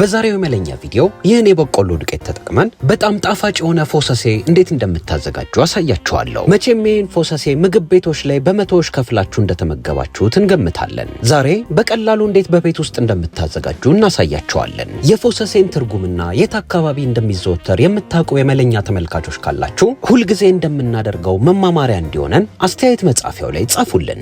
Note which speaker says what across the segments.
Speaker 1: በዛሬው የመለኛ ቪዲዮ ይህን የበቆሎ ዱቄት ተጠቅመን በጣም ጣፋጭ የሆነ ፎሰሴ እንዴት እንደምታዘጋጁ አሳያችኋለሁ። መቼም ይህን ፎሰሴ ምግብ ቤቶች ላይ በመቶዎች ከፍላችሁ እንደተመገባችሁት እንገምታለን። ዛሬ በቀላሉ እንዴት በቤት ውስጥ እንደምታዘጋጁ እናሳያችኋለን። የፎሰሴን ትርጉምና የት አካባቢ እንደሚዘወተር የምታውቁ የመለኛ ተመልካቾች ካላችሁ ሁልጊዜ እንደምናደርገው መማማሪያ እንዲሆነን አስተያየት መጻፊያው ላይ ጻፉልን።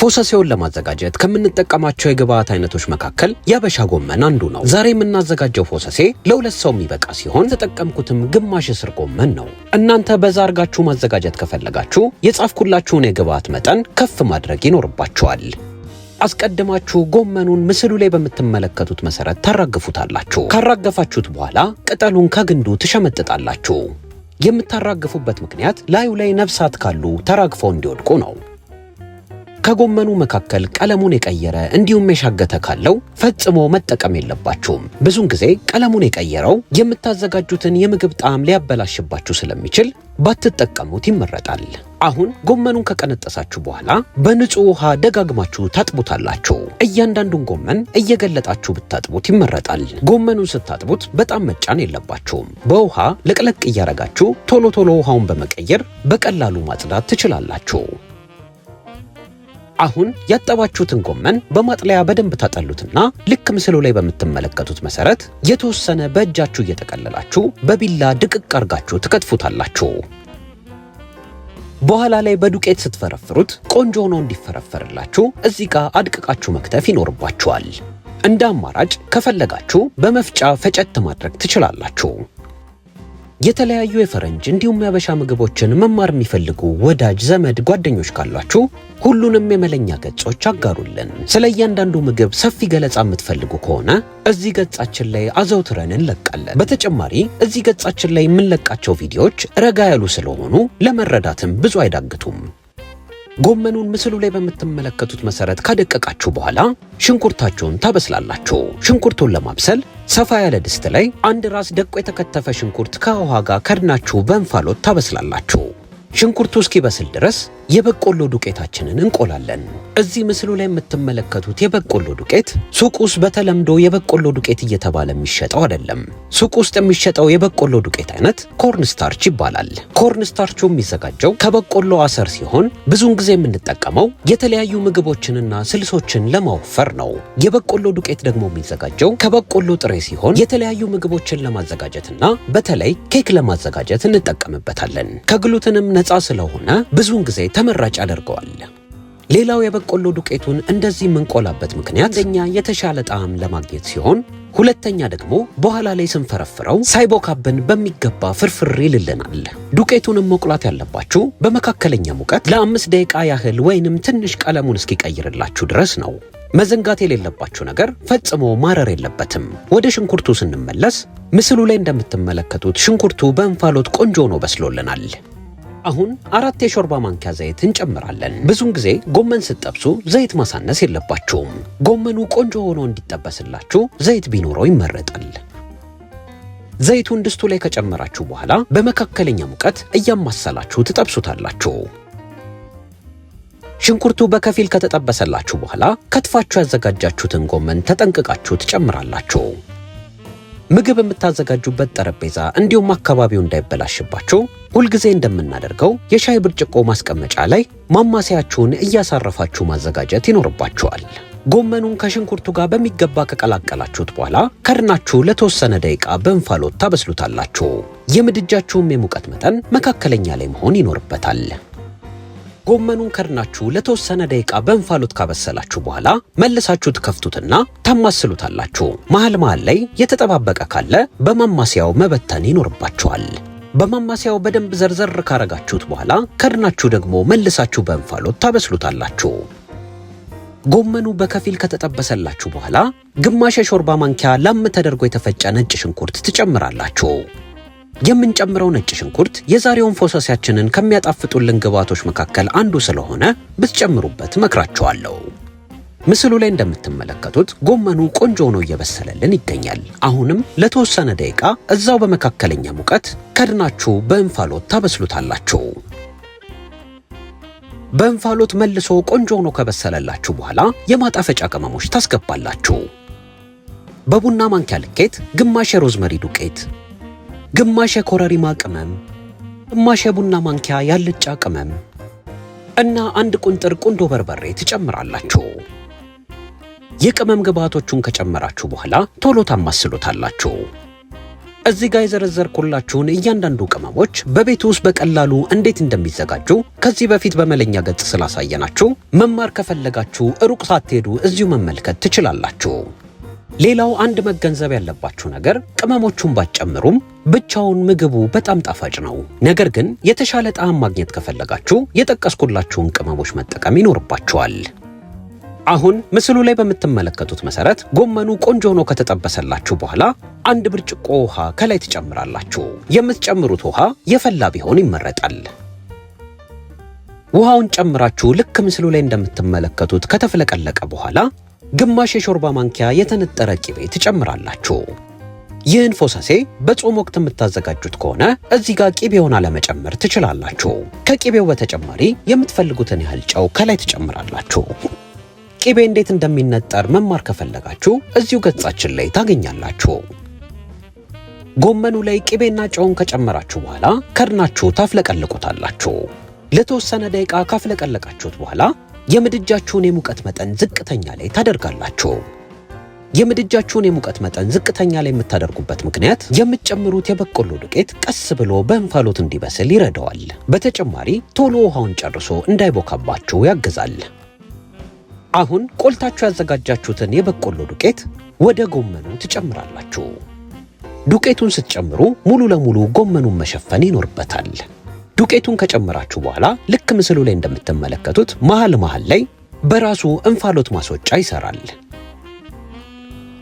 Speaker 1: ፎሰሴውን ለማዘጋጀት ከምንጠቀማቸው የግብአት አይነቶች መካከል የአበሻ ጎመን አንዱ ነው። ዛሬ የምናዘጋጀው ፎሰሴ ለሁለት ሰው የሚበቃ ሲሆን የተጠቀምኩትም ግማሽ እስር ጎመን ነው። እናንተ በዛ አርጋችሁ ማዘጋጀት ከፈለጋችሁ የጻፍኩላችሁን የግብአት መጠን ከፍ ማድረግ ይኖርባችኋል። አስቀድማችሁ ጎመኑን ምስሉ ላይ በምትመለከቱት መሰረት ታራግፉታላችሁ። ካራገፋችሁት በኋላ ቅጠሉን ከግንዱ ትሸመጥጣላችሁ። የምታራግፉበት ምክንያት ላዩ ላይ ነፍሳት ካሉ ተራግፈው እንዲወድቁ ነው። ከጎመኑ መካከል ቀለሙን የቀየረ እንዲሁም የሻገተ ካለው ፈጽሞ መጠቀም የለባችሁም። ብዙን ጊዜ ቀለሙን የቀየረው የምታዘጋጁትን የምግብ ጣዕም ሊያበላሽባችሁ ስለሚችል ባትጠቀሙት ይመረጣል። አሁን ጎመኑን ከቀነጠሳችሁ በኋላ በንጹህ ውሃ ደጋግማችሁ ታጥቡታላችሁ። እያንዳንዱን ጎመን እየገለጣችሁ ብታጥቡት ይመረጣል። ጎመኑን ስታጥቡት በጣም መጫን የለባችሁም። በውሃ ለቅለቅ እያረጋችሁ ቶሎ ቶሎ ውሃውን በመቀየር በቀላሉ ማጽዳት ትችላላችሁ። አሁን ያጠባችሁትን ጎመን በማጥለያ በደንብ ታጠሉትና ልክ ምስሉ ላይ በምትመለከቱት መሰረት የተወሰነ በእጃችሁ እየጠቀለላችሁ በቢላ ድቅቅ አርጋችሁ ትከትፉታላችሁ። በኋላ ላይ በዱቄት ስትፈረፍሩት ቆንጆ ሆኖ እንዲፈረፈርላችሁ እዚህ ጋር አድቅቃችሁ መክተፍ ይኖርባችኋል። እንደ አማራጭ ከፈለጋችሁ በመፍጫ ፈጨት ማድረግ ትችላላችሁ። የተለያዩ የፈረንጅ እንዲሁም የአበሻ ምግቦችን መማር የሚፈልጉ ወዳጅ ዘመድ ጓደኞች ካሏችሁ ሁሉንም የመለኛ ገጾች አጋሩልን። ስለ እያንዳንዱ ምግብ ሰፊ ገለጻ የምትፈልጉ ከሆነ እዚህ ገጻችን ላይ አዘውትረን እንለቃለን። በተጨማሪ እዚህ ገጻችን ላይ የምንለቃቸው ቪዲዮዎች ረጋ ያሉ ስለሆኑ ለመረዳትም ብዙ አይዳግቱም። ጎመኑን ምስሉ ላይ በምትመለከቱት መሰረት ካደቀቃችሁ በኋላ ሽንኩርታችሁን ታበስላላችሁ። ሽንኩርቱን ለማብሰል ሰፋ ያለ ድስት ላይ አንድ ራስ ደቆ የተከተፈ ሽንኩርት ከውሃ ጋር ከድናችሁ በእንፋሎት ታበስላላችሁ። ሽንኩርቱ እስኪበስል ድረስ የበቆሎ ዱቄታችንን እንቆላለን። እዚህ ምስሉ ላይ የምትመለከቱት የበቆሎ ዱቄት ሱቅ ውስጥ በተለምዶ የበቆሎ ዱቄት እየተባለ የሚሸጠው አይደለም። ሱቅ ውስጥ የሚሸጠው የበቆሎ ዱቄት አይነት ኮርንስታርች ይባላል። ኮርንስታርቹ የሚዘጋጀው ከበቆሎ አሰር ሲሆን ብዙውን ጊዜ የምንጠቀመው የተለያዩ ምግቦችንና ስልሶችን ለማወፈር ነው። የበቆሎ ዱቄት ደግሞ የሚዘጋጀው ከበቆሎ ጥሬ ሲሆን የተለያዩ ምግቦችን ለማዘጋጀትና በተለይ ኬክ ለማዘጋጀት እንጠቀምበታለን። ከግሉትንም ነፃ ስለሆነ ብዙውን ጊዜ ተመራጭ አደርገዋል። ሌላው የበቆሎ ዱቄቱን እንደዚህ የምንቆላበት ምክንያት አንደኛ የተሻለ ጣዕም ለማግኘት ሲሆን፣ ሁለተኛ ደግሞ በኋላ ላይ ስንፈረፍረው ሳይቦካብን በሚገባ ፍርፍር ይልልናል። ዱቄቱንም መቁላት ያለባችሁ በመካከለኛ ሙቀት ለአምስት ደቂቃ ያህል ወይንም ትንሽ ቀለሙን እስኪቀይርላችሁ ድረስ ነው። መዘንጋት የሌለባችሁ ነገር ፈጽሞ ማረር የለበትም። ወደ ሽንኩርቱ ስንመለስ ምስሉ ላይ እንደምትመለከቱት ሽንኩርቱ በእንፋሎት ቆንጆ ሆኖ በስሎልናል። አሁን አራት የሾርባ ማንኪያ ዘይት እንጨምራለን። ብዙውን ጊዜ ጎመን ስትጠብሱ ዘይት ማሳነስ የለባችሁም። ጎመኑ ቆንጆ ሆኖ እንዲጠበስላችሁ ዘይት ቢኖረው ይመረጣል። ዘይቱን ድስቱ ላይ ከጨመራችሁ በኋላ በመካከለኛ ሙቀት እያማሰላችሁ ትጠብሱታላችሁ። ሽንኩርቱ በከፊል ከተጠበሰላችሁ በኋላ ከትፋችሁ ያዘጋጃችሁትን ጎመን ተጠንቅቃችሁ ትጨምራላችሁ። ምግብ የምታዘጋጁበት ጠረጴዛ እንዲሁም አካባቢው እንዳይበላሽባችሁ ሁልጊዜ እንደምናደርገው የሻይ ብርጭቆ ማስቀመጫ ላይ ማማሰያችሁን እያሳረፋችሁ ማዘጋጀት ይኖርባችኋል። ጎመኑን ከሽንኩርቱ ጋር በሚገባ ከቀላቀላችሁት በኋላ ከድናችሁ ለተወሰነ ደቂቃ በእንፋሎት ታበስሉታላችሁ። የምድጃችሁም የሙቀት መጠን መካከለኛ ላይ መሆን ይኖርበታል። ጎመኑን ከድናችሁ ለተወሰነ ደቂቃ በእንፋሎት ካበሰላችሁ በኋላ መልሳችሁ ትከፍቱትና ታማስሉታላችሁ። መሃል መሀል ላይ የተጠባበቀ ካለ በማማሰያው መበተን ይኖርባችኋል። በማማሰያው በደንብ ዘርዘር ካረጋችሁት በኋላ ከድናችሁ ደግሞ መልሳችሁ በእንፋሎት ታበስሉታላችሁ። ጎመኑ በከፊል ከተጠበሰላችሁ በኋላ ግማሽ የሾርባ ማንኪያ ላም ተደርጎ የተፈጨ ነጭ ሽንኩርት ትጨምራላችሁ። የምንጨምረው ነጭ ሽንኩርት የዛሬውን ፎሰሲያችንን ከሚያጣፍጡልን ግብዓቶች መካከል አንዱ ስለሆነ ብትጨምሩበት እመክራችኋለሁ። ምስሉ ላይ እንደምትመለከቱት ጎመኑ ቆንጆ ሆኖ እየበሰለልን ይገኛል። አሁንም ለተወሰነ ደቂቃ እዛው በመካከለኛ ሙቀት ከድናችሁ በእንፋሎት ታበስሉታላችሁ። በእንፋሎት መልሶ ቆንጆ ሆኖ ከበሰለላችሁ በኋላ የማጣፈጫ ቅመሞች ታስገባላችሁ። በቡና ማንኪያ ልኬት ግማሽ የሮዝመሪ ዱቄት ግማሽ የኮረሪማ ቅመም፣ ግማሽ የቡና ማንኪያ ያልጫ ቅመም እና አንድ ቁንጥር ቁንዶ በርበሬ ትጨምራላችሁ። የቅመም ግብዓቶቹን ከጨመራችሁ በኋላ ቶሎ ታማስሉታላችሁ። እዚህ ጋር የዘረዘርኩላችሁን እያንዳንዱ ቅመሞች በቤት ውስጥ በቀላሉ እንዴት እንደሚዘጋጁ ከዚህ በፊት በመለኛ ገጽ ስላሳየናችሁ መማር ከፈለጋችሁ ሩቅ ሳትሄዱ እዚሁ መመልከት ትችላላችሁ። ሌላው አንድ መገንዘብ ያለባችሁ ነገር ቅመሞቹን ባትጨምሩም ብቻውን ምግቡ በጣም ጣፋጭ ነው። ነገር ግን የተሻለ ጣዕም ማግኘት ከፈለጋችሁ የጠቀስኩላችሁን ቅመሞች መጠቀም ይኖርባችኋል። አሁን ምስሉ ላይ በምትመለከቱት መሰረት ጎመኑ ቆንጆ ሆኖ ከተጠበሰላችሁ በኋላ አንድ ብርጭቆ ውሃ ከላይ ትጨምራላችሁ። የምትጨምሩት ውሃ የፈላ ቢሆን ይመረጣል። ውሃውን ጨምራችሁ ልክ ምስሉ ላይ እንደምትመለከቱት ከተፍለቀለቀ በኋላ ግማሽ የሾርባ ማንኪያ የተነጠረ ቂቤ ትጨምራላችሁ። ይህን ፎሳሴ በጾም ወቅት የምታዘጋጁት ከሆነ እዚህ ጋር ቂቤውን አለመጨመር ትችላላችሁ። ከቂቤው በተጨማሪ የምትፈልጉትን ያህል ጨው ከላይ ትጨምራላችሁ። ቂቤ እንዴት እንደሚነጠር መማር ከፈለጋችሁ እዚሁ ገጻችን ላይ ታገኛላችሁ። ጎመኑ ላይ ቂቤና ጨውን ከጨመራችሁ በኋላ ከድናችሁ ታፍለቀልቁታላችሁ። ለተወሰነ ደቂቃ ካፍለቀለቃችሁት በኋላ የምድጃችሁን የሙቀት መጠን ዝቅተኛ ላይ ታደርጋላችሁ። የምድጃችሁን የሙቀት መጠን ዝቅተኛ ላይ የምታደርጉበት ምክንያት የምትጨምሩት የበቆሎ ዱቄት ቀስ ብሎ በእንፋሎት እንዲበስል ይረዳዋል። በተጨማሪ ቶሎ ውሃውን ጨርሶ እንዳይቦካባችሁ ያግዛል። አሁን ቆልታችሁ ያዘጋጃችሁትን የበቆሎ ዱቄት ወደ ጎመኑ ትጨምራላችሁ። ዱቄቱን ስትጨምሩ ሙሉ ለሙሉ ጎመኑን መሸፈን ይኖርበታል። ዱቄቱን ከጨመራችሁ በኋላ ልክ ምስሉ ላይ እንደምትመለከቱት መሃል መሃል ላይ በራሱ እንፋሎት ማስወጫ ይሰራል።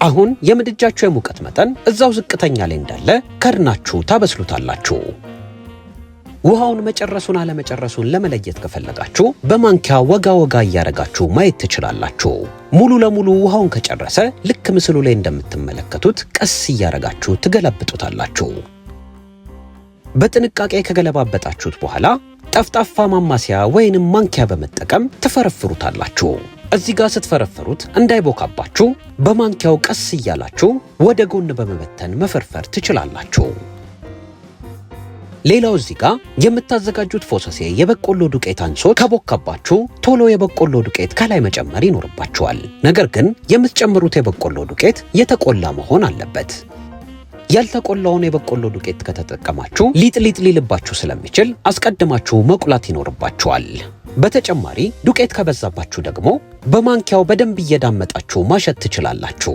Speaker 1: አሁን የምድጃችሁ የሙቀት መጠን እዛው ዝቅተኛ ላይ እንዳለ ከድናችሁ ታበስሉታላችሁ። ውሃውን መጨረሱን አለመጨረሱን ለመለየት ከፈለጋችሁ በማንኪያ ወጋ ወጋ እያደረጋችሁ ማየት ትችላላችሁ። ሙሉ ለሙሉ ውሃውን ከጨረሰ ልክ ምስሉ ላይ እንደምትመለከቱት ቀስ እያደረጋችሁ ትገለብጡታላችሁ። በጥንቃቄ ከገለባበጣችሁት በኋላ ጠፍጣፋ ማማሲያ ወይንም ማንኪያ በመጠቀም ትፈረፍሩታላችሁ። እዚህ ጋር ስትፈረፍሩት እንዳይቦካባችሁ በማንኪያው ቀስ እያላችሁ ወደ ጎን በመበተን መፈርፈር ትችላላችሁ። ሌላው እዚህ ጋር የምታዘጋጁት ፎሰሴ የበቆሎ ዱቄት አንሶ ከቦካባችሁ ቶሎ የበቆሎ ዱቄት ከላይ መጨመር ይኖርባችኋል። ነገር ግን የምትጨምሩት የበቆሎ ዱቄት የተቆላ መሆን አለበት። ያልተቆላውን የበቆሎ ዱቄት ከተጠቀማችሁ ሊጥ ሊጥ ሊልባችሁ ስለሚችል አስቀድማችሁ መቁላት ይኖርባችኋል። በተጨማሪ ዱቄት ከበዛባችሁ ደግሞ በማንኪያው በደንብ እየዳመጣችሁ ማሸት ትችላላችሁ።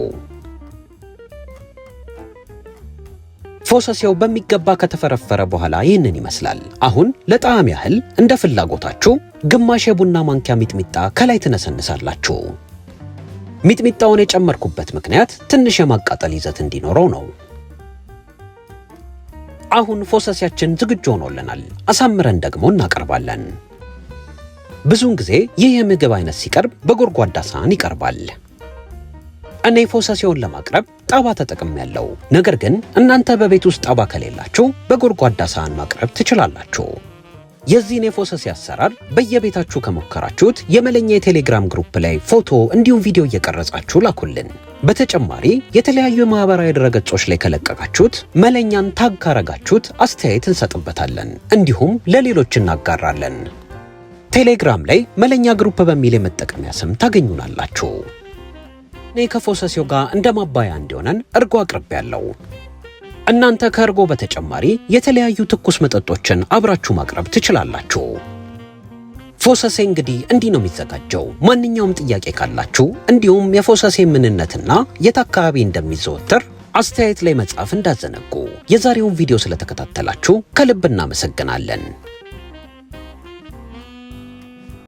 Speaker 1: ፎሰሴው በሚገባ ከተፈረፈረ በኋላ ይህንን ይመስላል። አሁን ለጣዕም ያህል እንደ ፍላጎታችሁ ግማሽ የቡና ማንኪያ ሚጥሚጣ ከላይ ትነሰንሳላችሁ። ሚጥሚጣውን የጨመርኩበት ምክንያት ትንሽ የማቃጠል ይዘት እንዲኖረው ነው። አሁን ፎሰሲያችን ዝግጁ ሆኖልናል። አሳምረን ደግሞ እናቀርባለን። ብዙውን ጊዜ ይህ የምግብ አይነት ሲቀርብ በጎድጓዳ ሳህን ይቀርባል። እኔ ፎሰሴውን ለማቅረብ ጣባ ተጠቅም ያለው፣ ነገር ግን እናንተ በቤት ውስጥ ጣባ ከሌላችሁ በጎድጓዳ ሳህን ማቅረብ ትችላላችሁ። የዚህን የፎሰሲ አሰራር በየቤታችሁ ከሞከራችሁት የመለኛ የቴሌግራም ግሩፕ ላይ ፎቶ እንዲሁም ቪዲዮ እየቀረጻችሁ ላኩልን። በተጨማሪ የተለያዩ የማህበራዊ ድረገጾች ላይ ከለቀቃችሁት መለኛን ታግ ካረጋችሁት አስተያየት እንሰጥበታለን፣ እንዲሁም ለሌሎች እናጋራለን። ቴሌግራም ላይ መለኛ ግሩፕ በሚል የመጠቀሚያ ስም ታገኙናላችሁ። እኔ ከፎሰሲዮ ጋር እንደ ማባያ እንዲሆነን እርጎ አቅርቤ ያለው እናንተ ከእርጎ በተጨማሪ የተለያዩ ትኩስ መጠጦችን አብራችሁ ማቅረብ ትችላላችሁ። ፎሰሴ እንግዲህ እንዲህ ነው የሚዘጋጀው። ማንኛውም ጥያቄ ካላችሁ እንዲሁም የፎሰሴ ምንነትና የት አካባቢ እንደሚዘወትር አስተያየት ላይ መጻፍ እንዳዘነጉ። የዛሬውን ቪዲዮ ስለተከታተላችሁ ከልብ እናመሰግናለን።